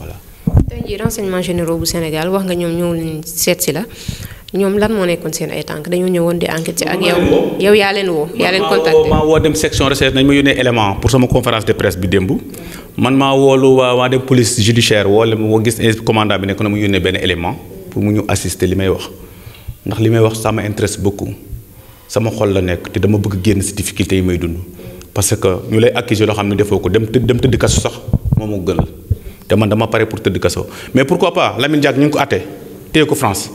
voilà. tey jii renseignement généraux bu Sénégal wax nga ñoom ñëw leen seet si la ñoom lan moo nekkoon seen ay tànk dañoo ñëwoon di enquête si ak yow. yow yaa leen woo yaa leen contacté maa nañ ma yónnee élément pour sama conférence de presse bi démb. man maa woolu waa waa dem police judiciaire woo leen woo gis commandant bi nekk na mu yónnee benn élément pour mu ñu assister li may wax ndax li may wax sama m'intéresse beaucoup sama xol la nekk te dama bëgg génn si difficulté yi may dund parce que ñu lay accuser loo xam ne defoo ko dem dem tëdd kaso sax moom moo te man dama pare pour tëdd kaso mais pourquoi pas Lamine Diack ñu ngi ko àtte téye ko France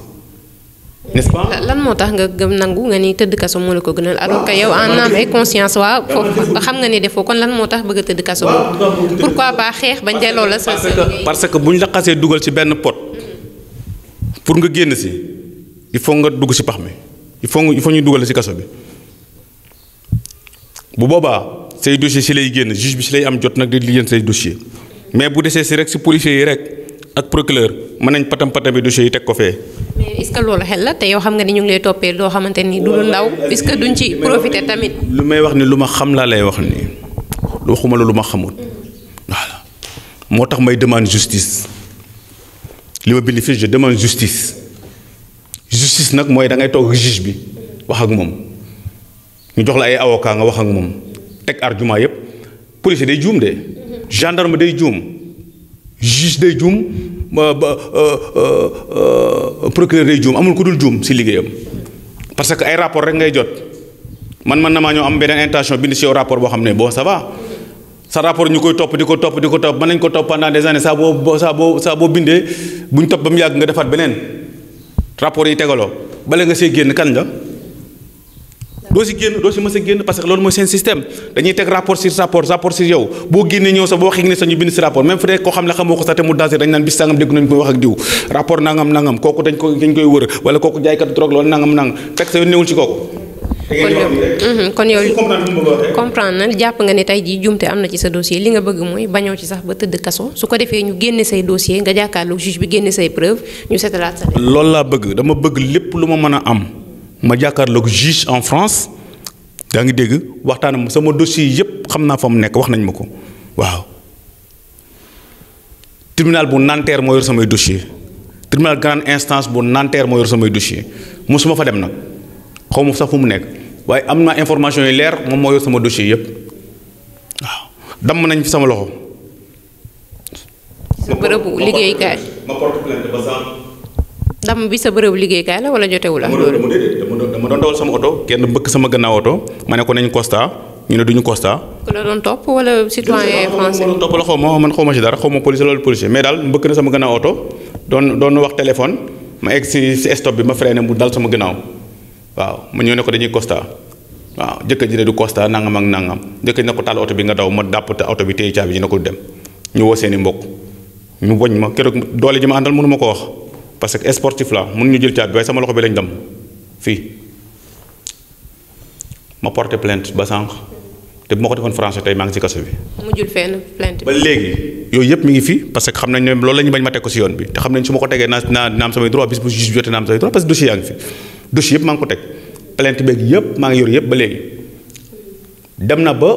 nest lan moo tax nga gëm nangu nga ni tëdd kaso moo la ko gënal. alors ka yow en âme et conscience waa foofu xam nga ni defoo kon lan moo tax bëgg a tëdd kaso. pourquoi pas xeex ba njëloo la. sa parce que bu ñu la dugal ci benn pot. pour nga génn si il faut nga dugg si pax mi il faut il faut ñu dugal si kaso bi bu boobaa say dossier si lay génn juge bi si lay am jot nag di say dossier mais bu desee si rek si policiers yi rek ak procureur mën nañ patam patam bi dossier yi teg ko fee. mais loolu xel la te yow xam nga ni ñu ngi lay toppee loo xamante ni du lu ndaw est ce que duñ ci profité tamit. lu may wax ni lu ma xam laa lay wax nii waxuma la lu ma xamul voilà moo tax may demande justice li ma bind fii nag mooy da ngay toog juge bi wax ak moom ñu jox la ay avocat nga wax ak moom teg argument yëpp policier day juum de. gendarme day juum juge day juum euh, euh, euh, procureur day juum amul ku dul juum si liggéeyam parce que ay rapport rek ngay jot man man na maa ñoo am beneen intention bind si yow rapport boo xam ne boo ça sa rapport ñu koy topp di ko topp di ko topp mën nañ ko topp pendant des années saa boo saa boo saa boo bindee bu ñu topp ba mu yàgg nga defaat beneen rapport yi tegaloo bala nga see génn kan la. doo si génn doo si mës génn parce que loolu mooy seen système dañuy teg rapport sur rapport rapport sur yow boo génnee ñëw sa boo ñu bind si rapport même fu dee koo xam ne xamoo ko wax ak ko koy wër wala kooku jaaykatu drogue loolu nangam nangam fekk kon yow mhm, comprendre na jàpp nga ne tey jii jumte am na ci sa dossier li nga bëgg mooy bañoo ci sax ba tëdd kaso su ko defee ñu génne say dossier nga jàkkaarloog juge bi génne say preuve ñu setalaat sa loolu laa bëgg dama bëgg lépp lu ma mën a am ma jàkkaarloog juge en France daa ngi dégg waxtaanam sama dossier yëpp xam naa fa mu nekk wax nañ ma ko waaw tribunal bu Nanterre moo yor samay dossier tribunal grande instance bu Nanterre moo yor samay dossier mosuma fa dem nag xaw ma sax fu mu nekk waaye am naa information yu leer moom moo yor sama dossier yëpp waaw damm nañ fi sama loxo. xam bi sa bërëb liggéeykaay la wala jotewu la. dama doon dawal sama oto kenn bëkk sama gannaaw oto ma ne ko nañ constat ñu ne duñu constat. ku la doon topp wala citoyen français. doon topp la man xaw ma si dara xaw ma police loolu police mais daal mbëkk na sama gannaaw oto doon doon wax téléphone ma egg si si stop bi ma freiné mu dal sama gannaaw waaw ma ñëw ne ko dañuy constat waaw jëkkër ji ne du constat nangam ak nangam jëkkër ji ne ko taal oto bi nga daw ma dàpp te oto bi téye caabi ji ne ko dem ñu woo seeni mbokk mu boñ ma keroog doole ji ma àndal mënu ma ko wax parce que sportif la mun ñu jël caat bi waaye sama loxo bi lañ dem fii ma porté plainte ba sànq te bu ma ko defoon français tey maa ngi ci kaso bi. mujjul fenn plainte ba léegi yooyu yëpp mi ngi fii parce que xam nañ ne loolu la ñu bañ ma teg ko ci yoon bi te xam nañ su ma ko tegee naa naa naa am samay droit bis bu juge jotee naa am samay droit parce que dossier yaa ngi fi dossier yëpp maa ngi ko teg plainte beeg yëpp maa ngi yor yëpp ba léegi dem na ba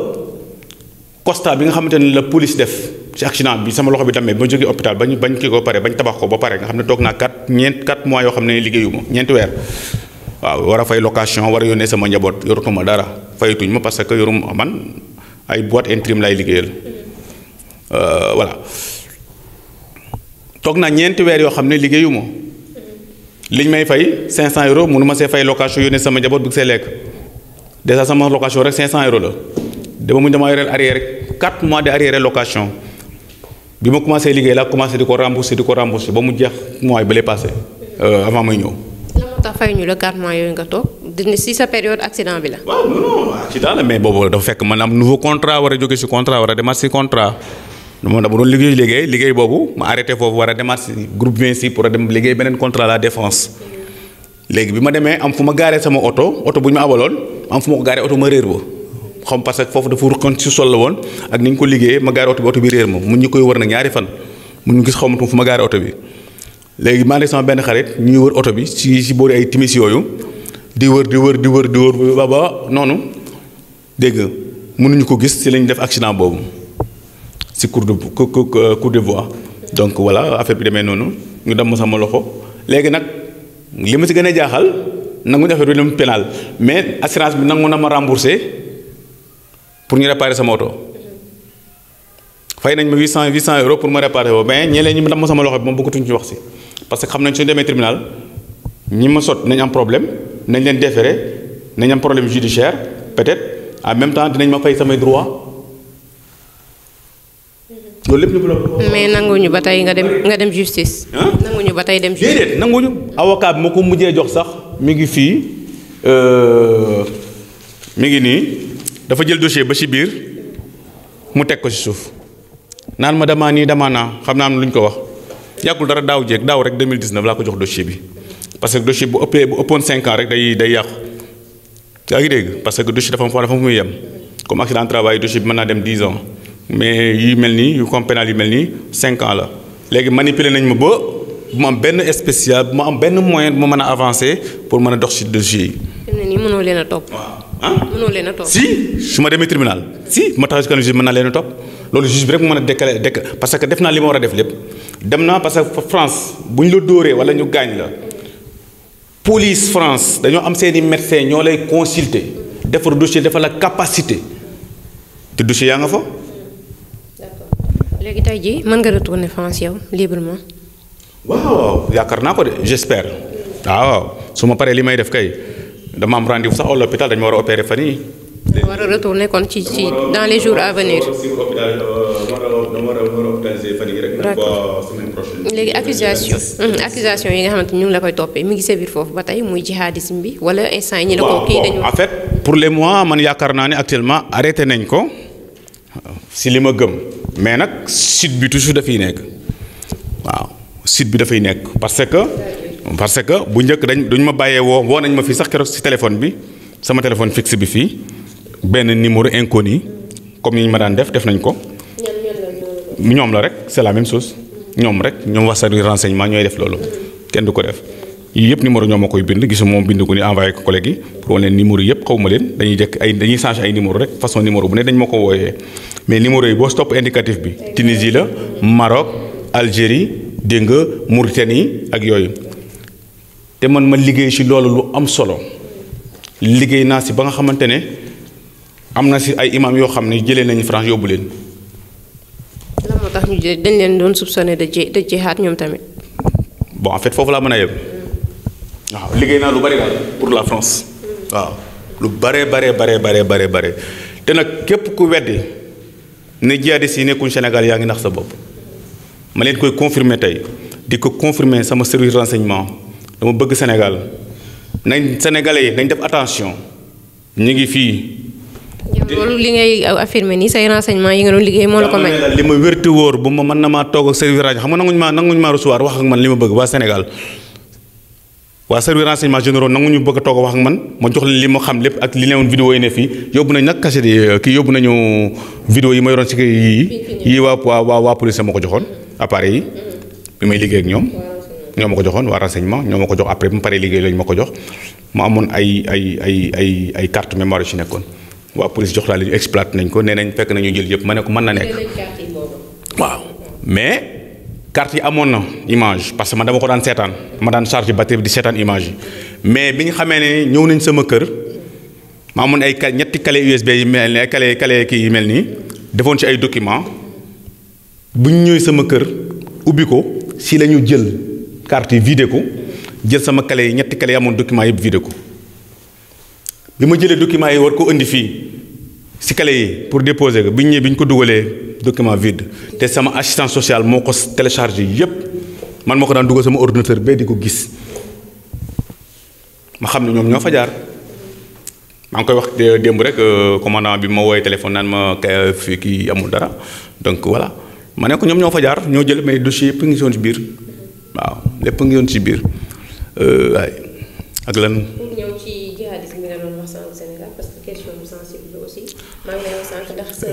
constat bi nga xamante ne la police def. ci accident bi sama loxo bi dammee ba jógee hôpital ba bañ kii ko pare bañ tabax ko ba pare nga xam ne toog naa quatre ñeent quatre mois yoo xam ne liggéeyuma ñeenti weer waaw war a fay location war a yónnee sama njaboot yorutuma dara ma parce que yorum man ay boîte intérim lay liggéeyal euh, voilà toog naa ñeenti weer yoo xam ne liggéeyuma liñ may fay 500 euros mënu ma see fay location yónnee sama njaboot bëgg see lekk déjà sama location rek cent euros la dama mu dama yoreel arrière rek 4 mois de arrière location. bi ma commencé liggéey laa commencé di ko remboursé di ko remboursé ba mu jeex mois ba lay euh, avant may ñëw. tax fay ñu la 4 mois yooyu nga toog dina si sa période accident bi la. waaw non accident la mais boobu dafa fekk man am nouveau contrat war a jóge si contra war a demaat si contrat man dama doon liggéey liggéey liggéey boobu ma arrêté foofu war a demaat si groupe 26 pour a dem liggéey beneen contrat la défense léegi bi ma demee am fu ma gaaree sama oto oto bu ñu ma abaloon fu ma ko gaaree ma réer ba. xam parce que foofu dafa ruqan ci sol la woon ak ni ñu ko liggéeyee ma gaari oto bi oto bi réer ma mun ñu koy wër nag ñaari fan mun ñu gis xaw fu ma gaari oto bi léegi maa ngi sama benn xarit ñuy wër oto bi ci ci boori ay timis yooyu di wër di wër di wër di wër ba ba noonu dégg nga mënuñu ko gis ci lañ def accident boobu ci cour de euh, cour de voie donc voilà affaire bi demee noonu ñu damm sama loxo léegi nag li ma ci gën a jaaxal nanguñu affaire bi dem pénal mais assurance bi nangu na ma remboursé. pour ñu réparer sama oto fay nañ ma 800 800 euros pour ma réparer ko mais ñeneen ñi damm sama loxo bi moom bëggatuñ ci wax si parce que xam nañ suñu demee tribunal ñi ma sot nañ am problème nañ leen déféré nañ am problème judiciaire peut-être en même temps dinañ ma fay samay droit loolu lépp ñu bloqué. mais ñu ba tey nga dem nga dem justice. ñu ba tey dem justice déedéet ñu awokaa bi ma ko mujjee jox sax mi ngi fii euh, mi ngi dafa jël dossier ba ci biir mu teg ko ci suuf naan ma damaa nii damaa naa xam naa am lu ñu ko wax yàggul dara daaw jeeg daaw rek 2019 laa ko jox dossier bi parce que dossier bu ëppee bu ëppoon 5 ans rek day day yàqu yaa ngi dégg parce que dossier dafa am foo mu muy yem comme accident travail dossier bi mën naa dem 10 ans mais yu mel nii yu comme pénal yu mel nii cinq ans la léegi manipuler nañ ma ba bu ma am benn spécial bu ma am benn moyen bu ma mën a avancer pour mën a dox ci dossier ah mënoo leen a si su ma demee tribunal si ma taxaw si kanam juge mën naa leen a topp loolu juge bi rek mu mën a déclaré déclaré parce que def naa li ma war a def lépp dem naa parce que France bu ñu la dóoree wala ñu gaañ la police France dañoo am seen i médecin ñoo lay consulter defar dossier defar la capacité te dossier yaa nga fa. d'accord léegi tey jii mën nga retourner France yow librement. waaw yaakaar naa ko de j'espère waaw su ma paree li may def kay. dama am rendez sax à l'hôpital dañu war a opérer fan yii. war a retourner nekkoon ci ci dans les jours à venir. léegi accusation accusation yi nga xam ne ngi la koy toppee mu ngi sévir foofu ba tey muy jihadisme bi wala instant yi ñu la ko kii dañu. en pour les mois man yaakaar naa ne actuellement arrêté nañ ko si li ma gëm. mais nag site bi toujours dafay nekk waaw site bi dafay nekk parce que. parce que bu njëkk dañ duñ ma bàyyee woo woo nañ ma fii sax keroog si téléphone bi sama téléphone fixe bi fii benn numéro inconnu comme yi ñu ma daan def def nañ ko. ñoom la rek c'est la même chose. ñoom rek ñoom Wassare renseignement ñooy def loolu. kenn du ko def yii yëpp numéro ñoo ma koy bind gisu moom bind ko ni envoyé ko collègue yi pour wane leen numéro yëpp xaw ma leen dañuy jëkk ay dañuy changé ay numéro rek façon numéro bu ne dañ ma ko wooyee mais numéro yi boo topp indicatif bi Tunisie la Maroc Algérie dégg nga Mauritanie ak yooyu. te man ma liggéey ci loolu lu am solo liggéey naa si ba nga xamante ne am na si ay imam yoo xam ne jëlee nañu France yóbbu leen. lan moo tax ñu dañ leen doon soupçonné de ji de jihaad ñoom tamit. bon en foofu laa mën a yem. waaw liggéey naa lu bari daal pour la France. waaw lu bare bare bare bare bare bare te nag képp ku wedd ne jihadis si nekkuñ Sénégal yaa ngi nax sa bopp ma leen koy confirmer tey di ko confirmer sama service renseignement. dama bëgg Sénégal nañ sénégalais yi nañ def attention ñu ngi fii. li ngay affirmer nii say renseignement yi nga doon liggéey moo la ko may. li ma wérti wóor bu ma mën na maa toog ak service rajo xam nga nanguñu maa nanguñu maa recevoir wax ak man li ma bëgg waa Sénégal waa service renseignement généraux nanguñu bëgg a toog wax ak man ma jox li ma xam lépp ak li newoon vidéo yi ne fii yóbbu nañ nag cassette yi euh, kii yóbbu nañu vidéo yi ma yoroon si kii yii yii waa waa waa police ma ko joxoon appareil yi mm-hmm. bi may liggéey ak ñoom. ñoo ma ko joxoon waa renseignement ñoo ma ko jox après bu mu paree liggéey lañu ma ko jox mu amoon ay ay ay ay ay carte mémoire yu ci nekkoon waa police jox laa la ñu exploité nañ ko nee nañ fekk nañu jël yëpp ma ne ko mën na nekk. waaw mais carte yi amoon na image parce que man dama ko daan seetaan ma daan chargé batterie bi di seetaan image yi mais bi ñu xamee ne ñëw nañ sama kër ma amoon ay ñetti clé USB yi mel ni ay kii yi mel nii defoon ci ay document bu ñu ñëwee sama kër ubbi ko si la ñu carte yi vidé ko jël sama clé yi ñetti clé yi amoon document yëpp vidé ko bi ma jëlee document yi war ko indi fii si clé yi pour déposer ko bi ñu ñëwee bi ñu ko dugalee document vide te sama assistance sociale moo ko téléchargé yëpp man moo ko daan dugal sama ordinateur bee di ko gis ma xam ne ñoom ñoo fa jaar maa ngi koy wax démb rek euh, commandant bi ma wooye téléphone naan ma kay fii kii amul dara donc voilà ma ne ko ñoom ñoo fa jaar ñoo jël mais dossier ngi soon si biir waaw lépp a ngi yoon ci biir waaye euh, ak lan. que question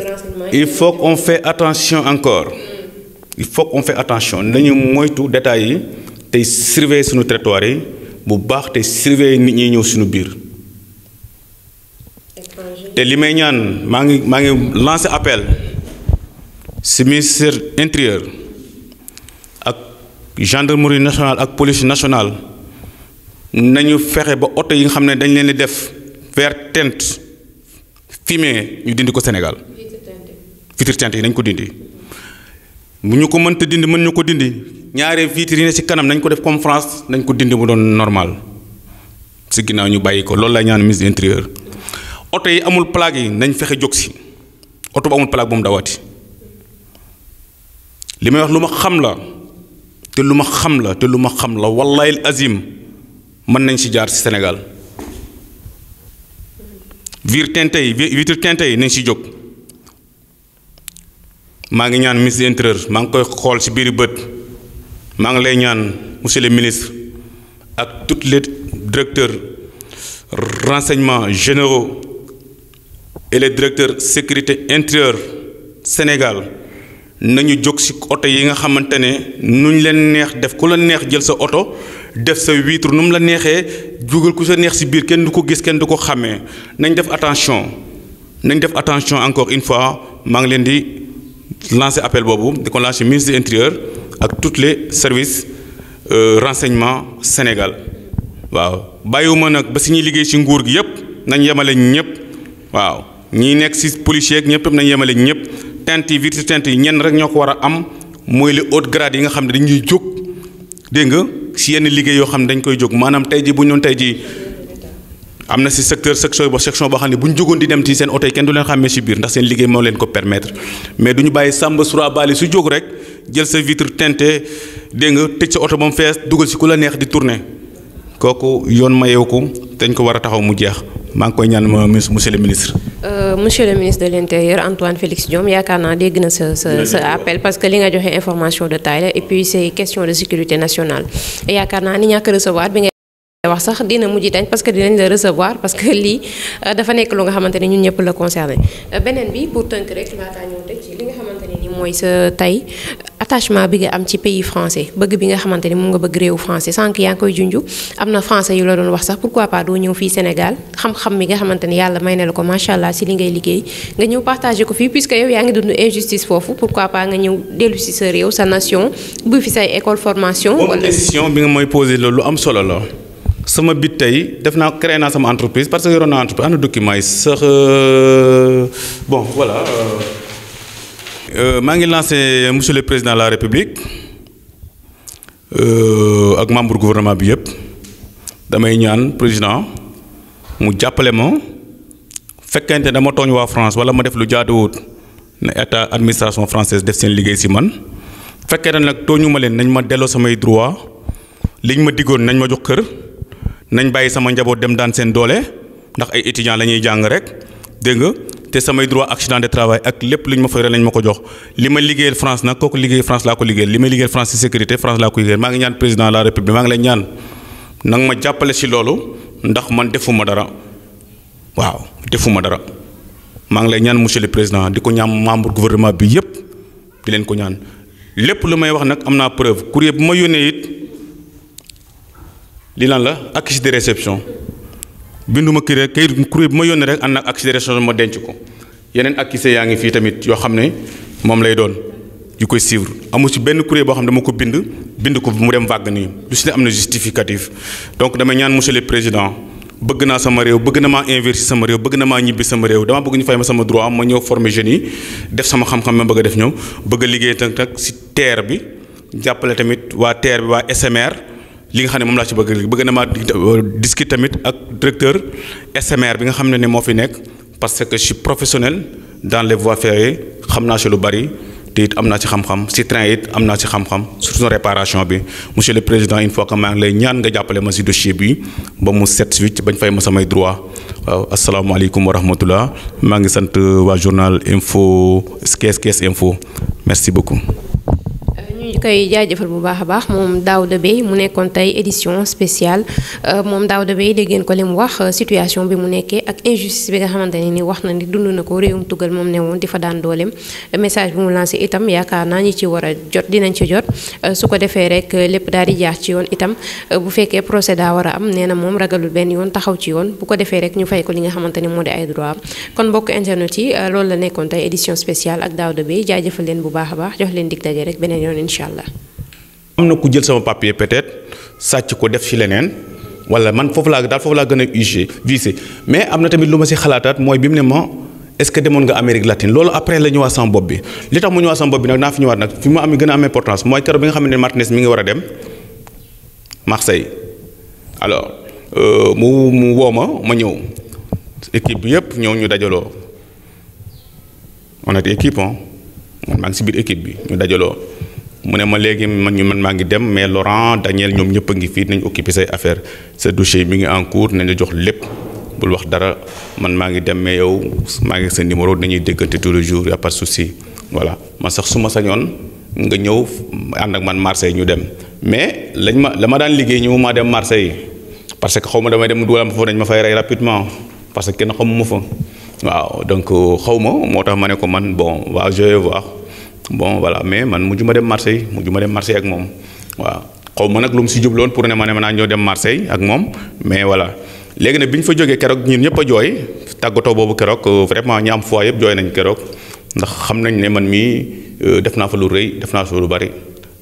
il faut qu'on fait attention encore. Hmm. il faut qu'on fait attention nañu moytu détails yi tey surveiller suñu traitoire yi bu baax te surveiller nit ñi ñëw suñu biir. te li may ñaan maa ngi maa ngi lancé appel si ministère intérieur. gendarmerie nationale ak police nationale nañu fexe ba oto yi nga xam ne dañ leen di def vert tent fumé ñu dindi ko Sénégal vitre teint yi nañ ko dindi bu ñu ko mënta dindi mën ñu ko dindi ñaare vitre yi ne ci kanam nañ ko def comme France nañ ko dindi bu doon normal si ginnaaw ñu bàyyi ko loolu lay ñaan ministre intérieur oto yi amul plaque yi nañ fexe jóg si oto bu amul plaque bu mu dawati li may wax lu ma xam la. te lu ma xam la te lu ma xam la wallahi azim mën nañ si jaar si Sénégal vitre teintée yi vitre teintée yi nañ si jóg maa ngi ñaan ministre intérieur maa ngi koy xool ci biir bët maa ngi lay ñaan monsieur le ministre ak toutes les directeurs renseignements généraux et les directeurs sécurité intérieure Sénégal nañu jóg ci oto yi nga xamante ne ñu leen neex def ku la neex jël sa oto def sa vitre nu mu la neexee jugal ku sa neex ci biir kenn du ko gis kenn du ko xàmmee nañ def attention nañ def attention encore une fois maa ngi leen di lancer appel boobu di ko lancer ministre de l'intérieur ak toutes les services euh, renseignement Sénégal waaw bàyyiwuma nag ba ci ñuy liggéey si nguur gi yépp nañ yemale ñépp waaw ñii nekk ci policier ak ñépp nañ yemale ñépp. teint yi virtu teint yi ñenn rek ñoo ko war a am mooy les hautes grades yi nga xam ne dañuy jóg dégg nga si yenn liggéey yoo xam ne dañ koy jóg maanaam tey ji bu ñu tey ji am na si secteur section ba section boo xam ne bu ñu jógoon di dem ci seen oto yi kenn du leen xàmmee si biir ndax seen liggéey moo leen ko permettre mais du ñu bàyyi sàmba sura baali su jóg rek jël sa vitre teintée dégg nga tëj sa oto ba mu fees dugal si ku la neex di tourner kooku yoon ko dañ ko war a taxaw mu jeex maa ngi koy ñaan monsieur le ministre. Euh, monsieur le ministre de l'intérieur Antoine Félix Diome yaakaar naa dégg na sa sa sa appel parce que li nga joxe information de taille la et puis c'est question de sécurité nationale yaakaar naa ni ñàkk recevoir bi nga wax sax dina mujj dañ parce que dinañ la recevoir parce que lii euh, dafa nekk lu nga xamante ne ñun ñëpp la concerné euh, beneen bi pour tënk rek laataa ñëw teg ci li nga xamante mooy sa tey attachement bi nga am ci pays français bëgg bi nga xamante ni moom nga bëgg réew français sànq yaa ngi koy junj am na français yu la doon wax sax pourquoi pas doo ñëw fii Sénégal xam-xam mi nga xamante ni yàlla may na la ko macha allah si li ngay liggéey nga ñëw partagé ko fii puisque yow yaa ngi dund injustice foofu pourquoi pas nga ñëw dellu si sa réew sa nation bu fi say école formation. wala question bi nga may posé loolu lu solo la. sama bit tey def naa créé sama entreprise parce que yoroon naa entreprise am na documents Euh, maa ngi lancé euh, monsieur le président de la république euh, ak membre gouvernement bi yëpp damay ñaan président mu jàppale ma fekkente dama tooñ waa France wala ma def lu jaaduwut na état administration française def seen liggéey si man fekkente nag tooñu ma leen nañ ma delloo samay droit liñ ma diggoon nañ ma jox kër nañ bàyyi sama njaboot dem daan seen doole ndax ay étudiants la ñuy jàng rek dégg te samay droit accident de travail ak lépp lu ñu ma fay rek lañ ma ko jox li ma liggéeyal France nag kooku liggéey France laa ko liggéeyal li ma liggéeyal France ci sécurité France laa ko liggéeyal maa ngi ñaan président de république maa ngi lay ñaan nag ma jàppale si loolu ndax man defuma dara waaw defuma dara maa ngi lay ñaan monsieur le président di ko ñaan membre gouvernement bi yépp di leen ko ñaan lépp lu may wax nag am naa preuve courrier bu ma yónnee it li lan la accusé réception. binduma kii rek kayit kuréel bu ma yónnee rek ànd ak accusé ma denc ko yeneen accusé yaa ngi fii tamit yoo xam ne moom lay doon yu koy suivre amul ci benn kurée boo xam ne dama ko bind bind ko mu dem vague nii lu si ne am na justificatif donc damay ñaan monsieur président bëgg naa sama réew bëgg na maa investir sama réew bëgg na maa ñibbi sama réew dama bëgg ñu fay ma sama droit ma ñëw former jeunes yi def sama xam-xam ma bëgg def ñëw bëgg a liggéey nag si terre bi jàppale tamit waa terre bi waa SMR. li nga xam ne moom laa ci bëgg bëgg na ma euh, discuter tamit ak directeur SMR bi nga xam ne ne moo fi nekk parce que je professionnel dans le voies ferrées xam naa si lu bari te it am naa ci xam-xam ci train it am naa ci xam-xam surtout réparation bi monsieur le président une fois que maa ngi lay ñaan nga jàppale ma ci dossier bi ba mu set suite bañ fay ma samay droit waaw asalaamaaleykum wa rahmatullah maa ngi sant euh, waa journal info Thiès kes info merci beaucoup. ñu koy jaajëfal bu baax a baax moom Daouda Beye mu nekkoon tey édition spéciale euh, moom Daouda Beye dégg ngeen ko li mu wax euh, situation bi mu nekkee ak injustice bi nga xamante ne ni wax na ni dund na ko réewum tugal moom ne woon di fa daan dooleem message bi mu lancé itam yaakaar naa ñi ci war a jot dinañ ci jot euh, su ko defee rek lépp daal di jaar ci yoon itam bu fekkee procès daa war a am nee moom ragalul benn yoon taxaw ci yoon bu ko defee rek ñu fay ko li nga xamante ni moo di ay droit kon mbokk internet yi loolu la nekkoon tey édition spéciale ak Daouda Beye jaajëfal leen bu baax a jox leen dig daje rek beneen yoon incha incha am na ku jël sama papier peut-être sàcc ko def ci leneen wala man foofu laa daal foofu laa gën a ugé visé mais am na tamit lu ma si xalaataat mooy bi mu ne ma est-ce que demoon nga Amérique latine loolu après la ñëwaat sama bopp bi li tax mu ñëwaat sama bopp bi nag naa fi ñëwaat nag fi mu am gën a am importance mooy keroog bi nga xam ne Martinez mi ngi war a dem Marseille alors euh, mu mu woo ma ma ñëw équipe bi yëpp ñëw ñu dajaloo on était équipe maa ngi si biir équipe bi ñu dajaloo. mu ne ma léegi man ñu man maa ngi dem mais Laurent Daniel ñoom ñëpp ngi fii nañ occupé say affaire sa dossier mi ngi en cours nañ la jox lépp bul wax dara man maa ngi dem mais yow maa ngi sa numéro dañuy déggante tous les jours y a pas de voilà man sax suma sañoon nga ñëw ànd ak man Marseille ñu dem mais lañ ma la ma daan liggéey ñëw maa dem Marseille parce que xaw ma damay dem dugalam foofu dañ ma fay rey rapidement parce que kenn xamuma fa waaw donc xaw ma moo tax ma ne ko man bon waa je vais bon voilà mais man mujj ma dem Marseille mujj ma dem Marseille ak moom waaw xaw ma nag lu mu si jubloon pour ne ma ne ma naa ñoo dem Marseille ak moom mais voilà léegi nag bi ñu fa jógee keroog ñun ñëpp a jooy tàggatoo boobu keroog euh, vraiment ñi am foi yëpp jooy nañ keroog ndax xam nañ ne man mii euh, def naa fa lu rëy def naa fa lu bari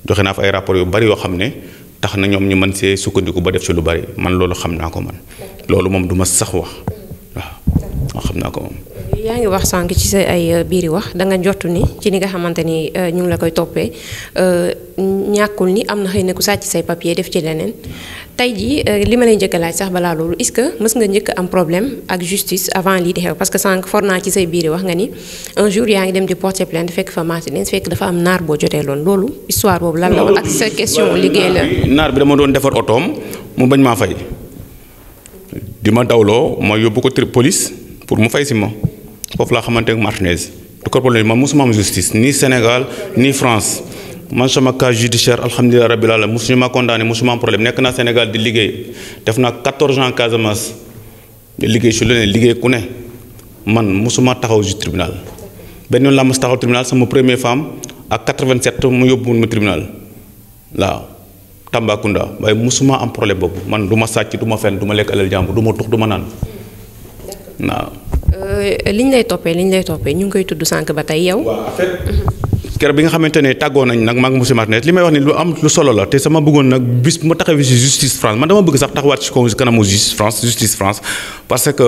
joxe naa fa ay rapport yu bari yoo xam ne tax na ñoom ñu man see sukkandiku ba def si lu bari man loolu xam naa ko man loolu moom du ma sax wax waaw xam naa ko moom. yaa ngi wax sànq ci sa ay euh, biiri wax danga nga njortu ni ci li nga xamante ni euh, ñu ngi la koy toppee euh, ñàkkul ni am na xëy na ku sàcc say papier def ci leneen tey jii li ma lay njëkk a laaj sax balaa loolu est-ce que mës nga njëkk am problème ak justice avant lii di parce que sànq for naa ci say biiri wax nga ni un yaa ngi dem di porter plainte fekk fa maintenance fekk dafa am naar boo jotee loon loolu histoire boobu lan la woon ak sa question liggéey la naar bi dama doon defar otoom mu bañ maa fay di ma dawloo ma yóbbu ko police pour mu fay si ma foofu laa xamante ak Martinez du ko problème man mosuma am justice ni Sénégal ni France man sama cas judiciaire alhamdulilah rabbil alamin mosuñu ma condamné mosuma am problème nekk naa Sénégal di liggéey def naa 14 ans Casamance liggéey su leneen liggéey ku ne man musuma taxaw ju tribunal benn yoon laa mos taxaw tribunal sama premier femme ak 87 mu yóbbu ma tribunal waaw Tambacounda waaye mosuma am problème boobu man du ma sàcc du ma fenn du ma lekk alal du ma tux ma naan liñ lay toppee liñ lay toppee ñu ngi koy tudd sànq ba tey yow. waaw bi nga xamante ne tàggoo nañ nag maa ngi monsieur Martinez li may wax ni lu am lu solo la te sama bëggoon nag bis ma taxawee si justice France man dama bëgg sax taxawaat si kaw kanamu justice France justice France parce que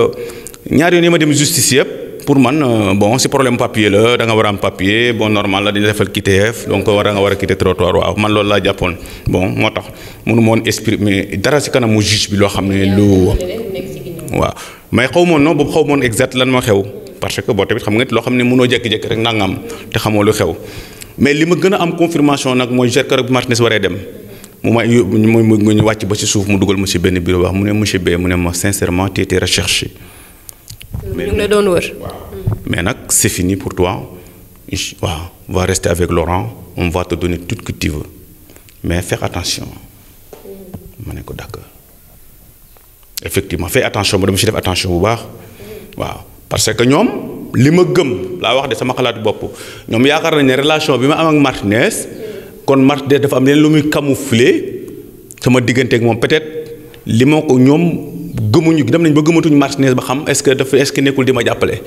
ñaar yoon yi ma dem justice yëpp. pour man bon si problème papier la da war a am papier bon normal la dañu defal QTF donc war a war a quitter trottoir waaw man loolu laa jàppoon bon moo tax mënu moon exprimer dara si kanamu juge bi loo xam ne lu waaw mais xaw moon non boobu xaw moon exact lan moo xew parce que boo tamit xam nga loo xam ne mënoo jékki-jékki rek nangam te xamoo lu xew mais li ma gën a am confirmation nag mooy Gerkaro bi Martinez waree dem mu may mu mu wàcc ba ci suuf mu dugal ma benn bureau wax mu ne monsieur B mu ne ma sincèrement tu étais recherché. mais ñu ngi la doon wër. mais nag c'est fini pour toi waaw va rester avec Laurent on va te donner tout ce que tu veux mais fais attention mm. ma ne ko d'accord. effectivement fais attention ma dama ci def attention bu baax waaw parce que ñoom li ma gëm laa wax de sama xalaat bopp ñoom yaakaar nañ ne relation bi ma am ak Martinez kon Martinez dafa am leen lu muy camoufler sama diggante ak moom peut-être li ma ko ñoom. gëmuñu dem nañ ba gëmatuñu Martinez ba xam est-ce que dafa est-ce nekkul di ma jàppale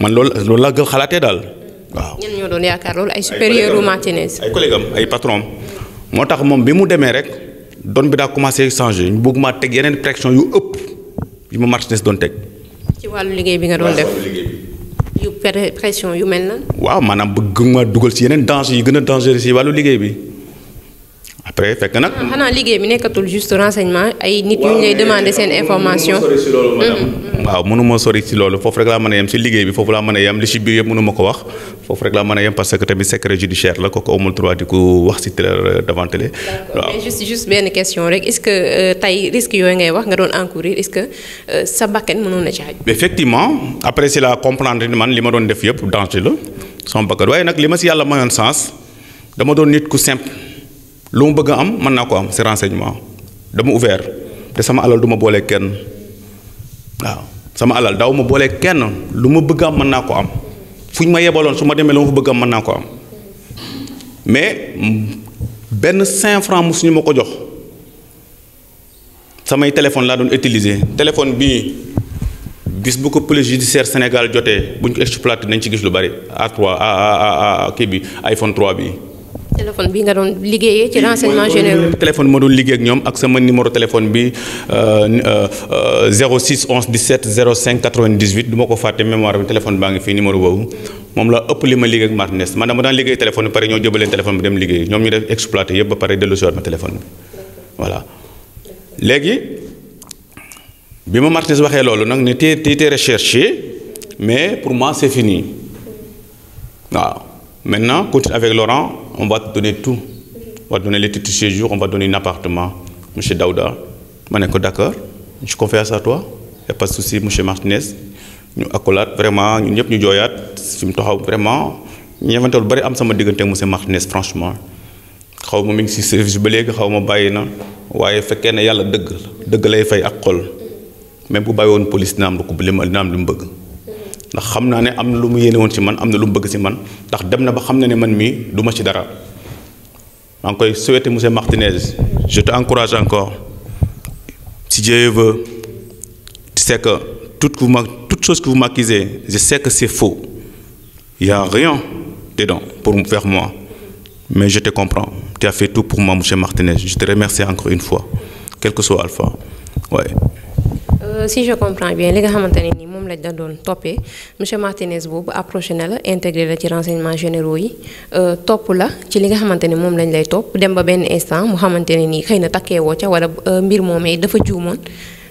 man lool loolu laa gën xalaatee daal waaw. ñenn ñoo doon yaakaar loolu ay supérieur Martinez. ay collègue am ay patron moo tax moom bi mu demee rek. don bi daa commencé changé ñu bëgg maa teg yeneen pression yu ëpp yu ma Martinez doon teg. ci wàllu liggéey bi nga doon def yu pression yu mel na. waaw maanaam bëgg maa dugal si yeneen danger yi gën a dangereux si wàllu liggéey bi. après fekk nag. Ah, xanaa liggéey bi nekkatul juste renseignement ay nit ñu lay demander seen information. waaw mënuma sori si mm-hmm. loolu foofu rek laa mën a yem si liggéey bi foofu laa mën a yem li si biir yëpp mënuma ko wax foofu rek laa mën a que tamit secret judiciaire la euh, ce que euh, tey risque ngay wax nga doon encourir est ce que euh, sa bakkan mënoon na la comprendre man li ma doon def yëpp danger la sama bakkan waaye nag li ma si yàlla mayoon sens dama doon nit ku simple. lu ma bëgg a am mën naa ko am si renseignement dama ouvert te sama alal du ma boole kenn waaw sama alal daw ma boole kenn lu ma bëgg am mën naa ko am fu ñu ma yebaloon su ma demee lu ma fa bëgg am mën naa ko am mais benn cinq francs mu suñu ma ko jox samay téléphone laa doon utiliser téléphone bii bis bu ko police judiciaire Sénégal jotee bu ñu ko exploité nañ ci gis lu bari A3 a a a kii bi iPhone 3 bi. téléphone bi nga doon liggéeyee ci renseignement généraux. ma doon liggéey ñoom ak sama numéro téléphone bi 06 11 17 05 98 du ma ko fàtte mémoire bi téléphone baa ngi fii numéro boobu moom la ëpp li ma liggéey ak Martinez man dama daan liggéey téléphone bi pare ñoo jëbaleen téléphone bi dem liggéey ñoom ñu def exploité yëpp ba pare dellu si waat ma téléphone bi voilà léegi bi ma Martinez waxee loolu nag ne tey tey tey mais pour moi c'est fini waaw maintenant continue avec Laurent on va te donner tout on va te donner les titres de séjour on va te donner monsieur Daouda ma ne ko d'accord je confie à toi y a pas de souci monsieur Martinez ñu akolaat vraiment ñëpp ñu jooyaat fi mu taxaw vraiment ñeewante lu bari am sama diggante monsieur Martinez franchement xaw ma mu ngi si service ba léegi xaw ma bàyyi na waaye fekkee ne yàlla dëgg dëgg lay fay ak xol même bu bàyyi woon police dina am lu ko dina am lu mu bëgg. ndax xam naa ne am na lu mu yéene woon ci man am na lu mu bëgg si man ndax dem na ba xam na ne man mii duma ci dara maa ngi koy souhaiter monsieur Martinez je te encourage encore si Dieu veut tu sais que toute que vous toute chose que vous m'accusez je sais que c'est faux il y a rien dedans pour feex moi mais je te comprends tu as fait tout pour moi monsieur Martinez je te remercie encore une fois quel que soit Alpha ouais Euh, si je comprends bien li nga xamante ne ni moom lañ da doon toppee monsieur Martinez boobu approché na la intégré la ci renseignements généraux yi euh, topp la ci li nga xamante ne moom lañ lay topp dem ba benn instant mu xamante ne nii xëy na takkee woo ca wala euh, mbir moomee dafa juumoon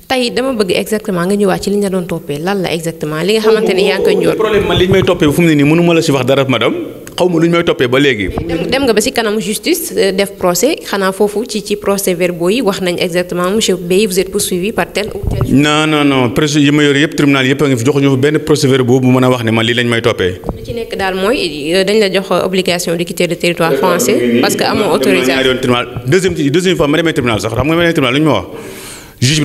tey dama bëgg exactement nga ñëwaat ci li nga doon toppee lan la exactement. li nga xamante ne yaa ngi koy li ñu may toppee fu mu ne nii mënu ma la si wax dara madame. xaw ma lu ñu may toppee ba léegi. dem nga ba ci kanam justice euh, def procès xanaa foofu ci ci procès verbaux yi wax nañ exactement monsieur Beye vous êtes poursuivi par tel ou tel. non non non procès yi ma yor yëpp tribunal yëpp a ngi fi benn procès verbaux bu mën a wax ne man lii lañ may toppee. li ci nekk daal mooy euh, dañ la jox euh, obligation de quitter le territoire français. parce que amoo autorisation deuxième deuxième fois ma demee tribunal sax xam nga demee jox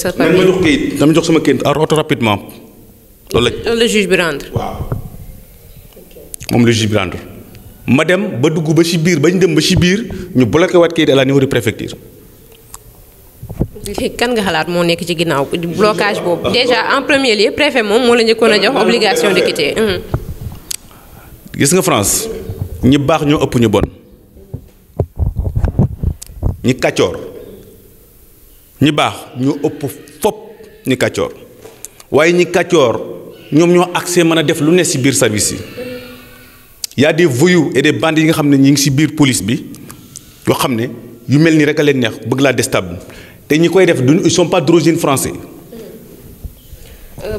samay ma jox kayit loolu la le juge bi rendre. moom le juge bi rendre ma dem ba dugg ba ci biir ba ñu dem ba ci biir ñu bloqué waat kayit à la niveau kan nga xalaat moo nekk ci ginnaaw blocage boobu déjà en premier lieu préfet moom moo la njëkkoon a jox obligation de quitter. Mhm. gis nga France ñi baax ñoo ëpp ñu bon ñi kàccoor ñi baax ñoo ëpp fopp ñi kàccoor waaye ñi kàccoor. ñoom ñoo accès mën a def lu ne ci biir service yi y a des voyous et des bandits yi nga xam ne ñi ngi ci biir police bi loo xam ne yu mel nii rek a leen neex bëgg laa déstable te ñi koy def du ils sont pas d'origine français.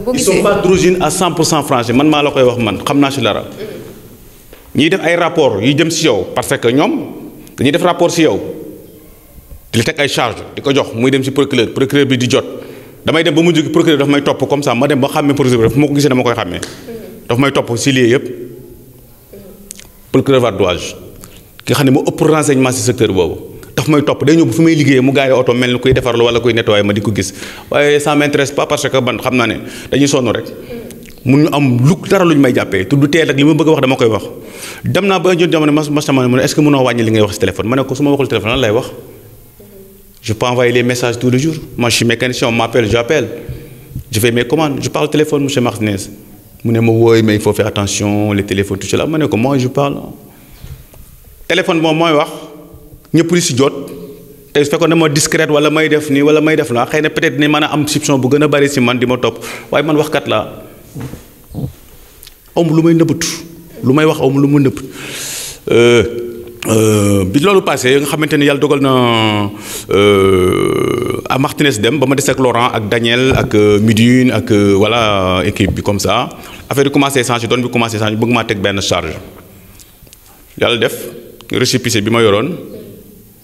boo gisee euh, ils sont à 100 pour cent français man maa la koy wax man xam naa si dara. ñuy def ay rapport yu jëm ci yow parce que ñoom dañuy def rapport ci yow di la teg ay charge di ko jox muy dem ci procureur procureur bi di jot. damay dem ba mu gi procureur daf may topp comme ça ma dem ba xàmmee procureur ma ko gisee dama koy xàmmee daf may topp si lii yëpp procureur Vadoise ki xam ne mu ëpp renseignement si secteur boobu daf may topp day ñëw fi may liggéeyee mu gaare oto mel ni kuy defarlu wala kuy nettoyer ma di ko gis waaye ça m'intéresse pas parce que ban xam naa ne dañuy sonn rek mun ñu am lu dara lu ñu may jàppee tudd teel ak li ma bëgg a wax dama koy wax ko su ma waxul téléphone lan lay Je peux envoyer les message tous les jours. Moi, je suis ma on m'appelle, j'appelle. Je fais mes commandes. Je parle au téléphone, M. Martinez. Mon oui, mais il faut faire attention, les téléphones, tout cela. ñëpp di si jot te su fekkoon ne ma discrète wala may def nii wala may def naa xëy na peut-être mën a am soupçon bu gën a bari si man di ma topp waaye man waxkat laa am lu may nëbbatu lu may wax am lu mu nëbb euh, Euh, bi loolu passé nga xamante ni yàlla dogal na euh, à Martinez dem ba ma des ak Laurent ak Daniel ak euh, Midune ak voilà équipe bi comme ça affaire yi commencé changé doon bi commencé changé bëgg maa teg benn charge yàlla def récépissé bi ma yoroon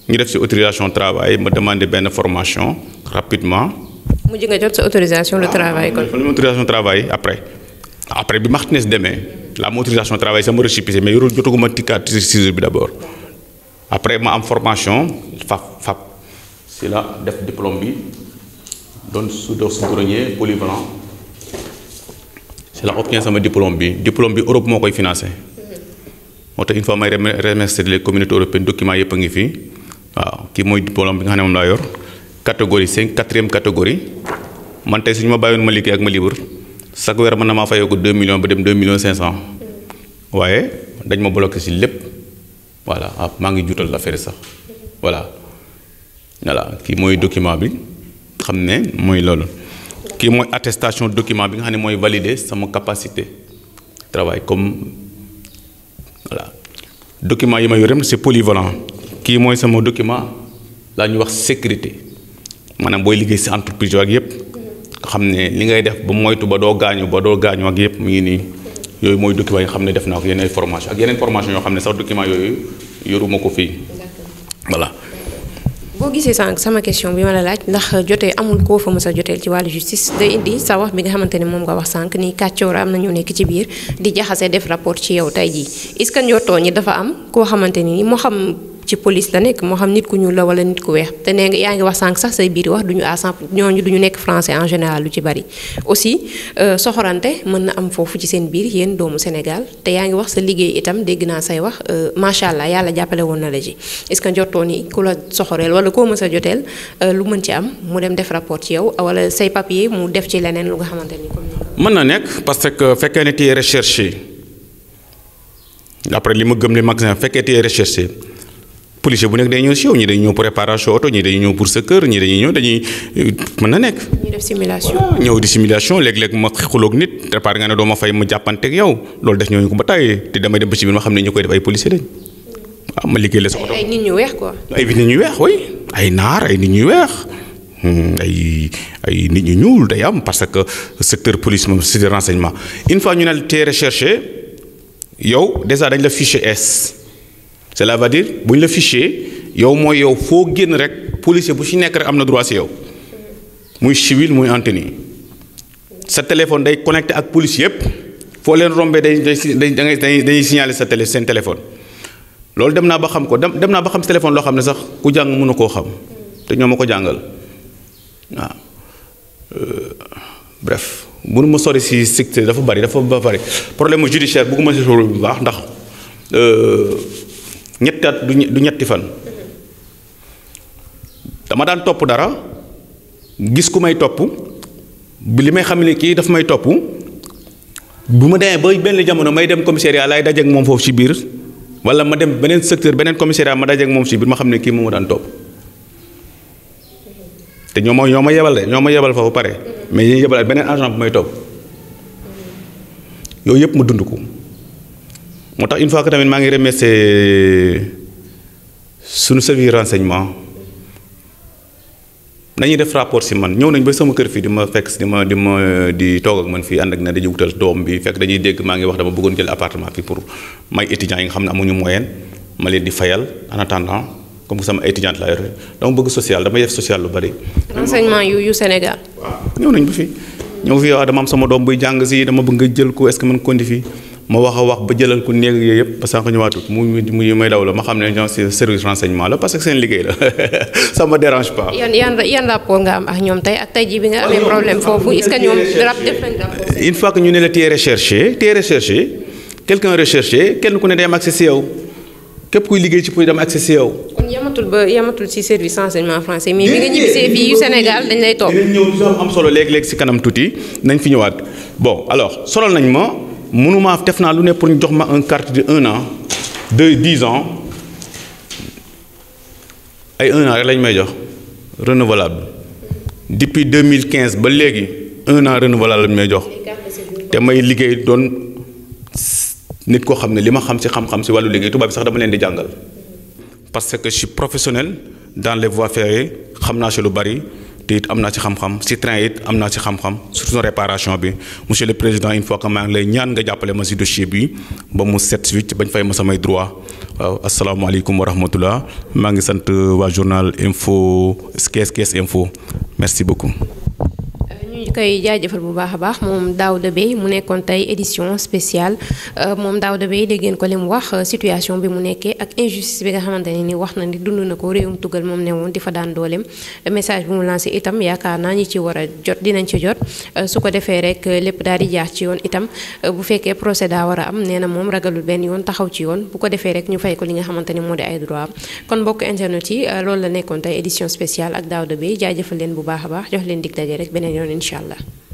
ñu def si autorisation travail ma demandé benn formation rapidement. mujj nga jot sa autorisation de travail kon. Ah, autorisation de travail après après bi Martinez demee. la am autorisation travail sama récépissé mais yorul jotaguma tikkaat séjour bi d' abord après ma am formation FAP FAP si la def diplôme bi doon soudeur soudronnier polyvalent si la obtient sama diplôme bi diplôme bi Europe moo koy financé moo tax une fois may remercier les communautés européennes documents yëpp a ngi fii waaw ki mooy diplôme bi nga xam ne moom laa yor catégorie cinq quatrième catégorie man tey suñu ma bàyyoon ma liggéey ak ma libre chaque weer mën na maa fayoo ko 2 millions ba dem 2 millions 500 waaye dañ ma bloqué si lépp voilà ah maa ngi juutal la affaire sax voilà voilà kii mooy document bi xam ne mooy loolu. kii mooy attestation document bi nga xam ne mooy valider sama capacité travail comme voilà document yi ma yore c'est polyvalent kii mooy sama document laa ñuy wax sécurité maanaam booy liggéey si entreprise ak yépp xam ne li ngay def ba moytu ba doo gaañu ba doo gaañu ak yëpp mu ngi nii yooyu mooy document yi xam ne def naa ko yeneen formation ak yeneen formation yoo xam ne sax document yooyu yoruma ko fii voilà. boo gisee sànq sama question bi ma laaj ndax jotee amul koo fa mës a joteel ci wàllu justice day indi sa wax bi nga xamante ne moom nga wax sànq ni kàccoor am na ñu nekk ci biir di jaxase def rapport ci yow tey ji est-ce que dafa am koo xamante ci police la nekk moo xam nit ku ñuul la wala nit ku weex te nee nga yaa ngi wax sànq sax say biir wax duñu à cent ñooñu duñu nekk français en général lu ci bari aussi euh, soxorante mën na am foofu ci seen biir yéen doomu Sénégal te yaa ngi wax sa liggéey itam dégg naa say wax euh, macha allah yàlla jàppale woon na la ci est-ce que njortoo ni ku la soxoreel wala koo mës a joteel euh, lu mën ci am mu dem def rapport ci yow wala say papier mu def ci leneen lu nga xamante ni mën na nekk parce que fekkee ne tey recherche après li ma gëm ne magasin fekkee tey recherche policier bu nekk day ñëw si yow ñi dañuy ñëw préparation oto ñi dañuy ñëw pour sa kër dañuy mën na nekk. ñuy ñëw di similation léeg-léeg ma xuloog nit départ nga ne doo ma fay ma jàppanteeg yow loolu def ñooñu ko ba tàyyi te damay dem ba ci biir ma xam ne ñu koy def ay policier lañ waaw ah, ma liggéey la sa oto. ay weex quoi. ay nit ñu weex oui ay naar ay nit ñu weex hmm, ay ay nit ñu ñuul day am parce que secteur police moom c'est de renseignement une fois ñu ne tey recherché yow déjà dañ la fiché S. cela veut bu ñu la fiché yow mooy yow foo génn rek policier bu ci nekk rek am na droit si yow muy civil muy antenne sa téléphone day connecté ak police yëpp foo leen rombee day day day dañuy signaler sa télé seen téléphone. loolu dem naa ba xam ko dem dem naa ba xam téléphone loo xam ne sax ku jàng mënu koo xam te ñoo ma ko jàngal waaw euh, bref mënu ma sori si secteur dafa bari dafa ba bari problème mu judiciaire bëgguma si bu baax ndax. Euh, ñetti at du ñetti fan dama daan topp dara gis ku may topp bi li may xam ne kii daf may topp bu ma demee ba benn jamono may dem commissariat laay dajeek moom foofu ci biir wala ma dem beneen secteur beneen commissariat ma dajeek moom ci biir ma xam ne kii moom ma daan topp te ñoo ma ñoo ma yebal de ñoo ma yebal foofu pare mais yéen yebal beneen agent bu may topp yooyu yëpp ma dund ko. moo tax une fois que tamit maa ngi remercier suñu service renseignement nañuy def rapport si man ñëw nañ ba sama kër fii di ma fekk di ma di toog ak man fii ànd ak na dañuy wutal doom bi fekk dañuy dégg maa ngi wax dama bëggoon jël appartement fii pour may étudiants yi nga xam ne amuñu moyen ma leen di fayal en attendant comme sama étudiante laa yore dama bëgg social dama def social lu bari. renseignement yu yu Sénégal. ñëw nañ ba fii ñëw fii waaw dama am sama doom buy jàng si dama bëgg nga jël ko est ma wax a wax ba jëlal ko néeg yooyu yëpp ba sànq ñëwaatut mu mu may daw la ma xam ne service renseignement la parce que seen liggéey la ça me yan yan yan nga am ak ñoom tey ak tey jii bi nga amee problème foofu est que ñoom rap def nañ rapport. une kenn ku ne day am accès si yow képp kuy liggéey ci pour dem accès si yow. kon yamatul ba yamatul ci service renseignement français mais bi nga ñibbisee fii yu Sénégal dañ lay topp. dinañ ñëw am solo léeg-léeg si kanam tuuti nañ fi ñëwaat bon mënuma def naa lu ne pour ñu jox ma un carte de un an de dix ans ay un an rek lañ may jox renouvelable depuis deux mille quinze ba léegi un an renouvelable lañ may jox te may liggéey doon nit koo xam ne li ma xam si xam-xam ci wàllu liggéey tubaab bi sax dama leen di jàngal parce que je professionnel dans les voies ferrées xam naa si lu bari. te it am naa ci xam-xam si train it am naa ci xam-xam surtout réparation bi monsieur le président une fois que maa ngi lay ñaan nga jàppale ma si dossier bi ba mu set suite bañ fay ma samay droit waaw asalaamaaleykum wa rahmatullah maa ngi sant waa journal info Thiès Thiès info merci beaucoup. ñu koy jaajëfal bu baax a baax moom Daouda Beye mu nekkoon tey édition spéciale euh, moom Daouda Beye dégg ngeen ko li mu wax euh, situation bi mu nekkee ak injustice bi nga xamante ne ni wax na ni dund na ko réewum tugal moom ne woon di fa daan dooleem message bi mu lancé itam yaakaar naa ñi ci war a jot dinañ ci jot euh, su ko defee rek lépp daal di jaax ci yoon itam bu fekkee procès daa war a am nee moom ragalul benn yoon taxaw ci yoon bu ko defee rek ñu fay ko li nga xamante ne moo di ay droit am kon mbokk internet yi incha allah.